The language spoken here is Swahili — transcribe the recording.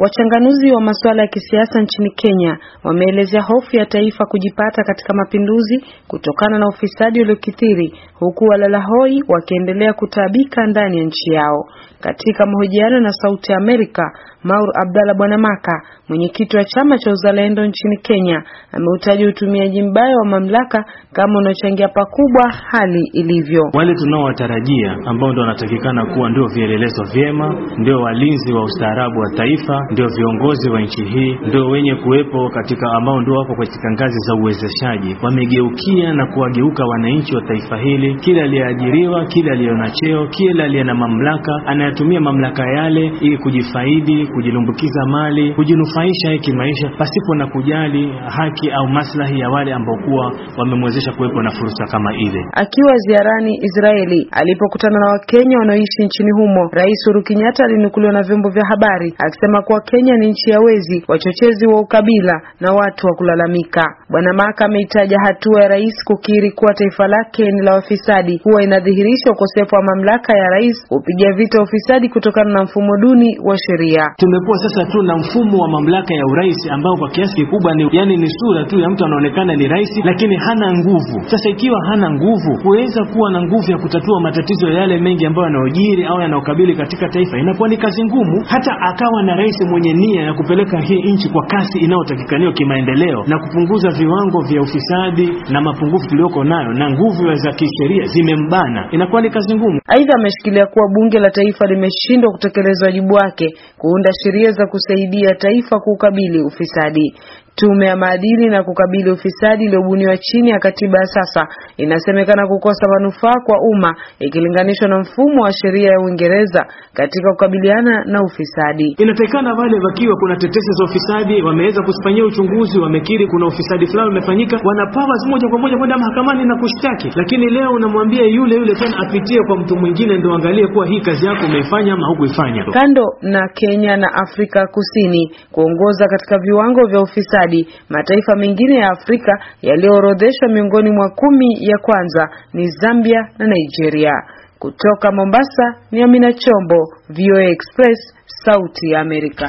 Wachanganuzi wa masuala ya kisiasa nchini Kenya wameelezea hofu ya taifa kujipata katika mapinduzi kutokana na ufisadi uliokithiri, huku walalahoi wakiendelea kutabika ndani ya nchi yao. Katika mahojiano na Sauti ya Amerika, Maur Abdalla Bwanamaka, mwenyekiti wa chama cha uzalendo nchini Kenya, ameutaja utumiaji mbaya wa mamlaka kama unaochangia pakubwa hali ilivyo. Wale tunaowatarajia ambao ndio wanatakikana kuwa ndio vielelezo vyema, ndio walinzi wa ustaarabu wa taifa, ndio viongozi wa nchi hii, ndio wenye kuwepo katika, ambao ndio wako katika ngazi za uwezeshaji, wamegeukia na kuwageuka wananchi wa taifa hili. Kila aliyeajiriwa, kila aliye na cheo, kila aliye na mamlaka anayatumia mamlaka yale ili kujifaidi kujilumbukiza mali, kujinufaisha kimaisha pasipo na kujali haki au maslahi ya wale ambao kuwa wamemwezesha kuwepo na fursa kama ile. Akiwa ziarani Israeli alipokutana na Wakenya wanaoishi nchini humo, Rais Uhuru Kenyatta alinukuliwa na vyombo vya habari akisema kuwa Kenya ni nchi ya wezi, wachochezi wa ukabila na watu wa kulalamika. Bwana Maka ameitaja hatua ya rais kukiri kuwa taifa lake ni la wafisadi huwa inadhihirisha ukosefu wa mamlaka ya rais kupiga vita ufisadi kutokana na mfumo duni wa sheria tumekuwa sasa tu na mfumo wa mamlaka ya urais ambao kwa kiasi kikubwa ni yani, ni sura tu ya mtu anaonekana ni rais, lakini hana nguvu. Sasa ikiwa hana nguvu, kuweza kuwa na nguvu ya kutatua matatizo yale mengi ambayo yanaojiri au yanaokabili katika taifa inakuwa ni kazi ngumu. Hata akawa na rais mwenye nia ya kupeleka hii nchi kwa kasi inayotakikaniwa kimaendeleo na kupunguza viwango vya ufisadi na mapungufu tuliyoko nayo, na nguvu za kisheria zimembana, inakuwa ni kazi ngumu. Aidha, ameshikilia kuwa bunge la taifa limeshindwa kutekeleza wajibu wake kuunda sheria za kusaidia taifa kukabili ufisadi. Tume ya maadili na kukabili ufisadi iliyobuniwa chini ya katiba ya sasa inasemekana kukosa manufaa kwa umma ikilinganishwa na mfumo wa sheria ya Uingereza katika kukabiliana na ufisadi. Inatakikana wale wakiwa kuna tetesi za ufisadi, wameweza kusifanyia uchunguzi, wamekiri kuna ufisadi fulani umefanyika, wana powers moja kwa moja kwenda mahakamani na kushtaki. Lakini leo unamwambia yule yule tena apitie kwa mtu mwingine ndio angalie kuwa hii kazi yako umeifanya ama hukuifanya. Kando na Kenya na Afrika Kusini kuongoza katika viwango vya ufisadi ufisadi. Mataifa mengine ya Afrika yaliyoorodheshwa miongoni mwa kumi ya kwanza ni Zambia na Nigeria. Kutoka Mombasa ni Amina Chombo, VOA Express, Sauti ya Amerika.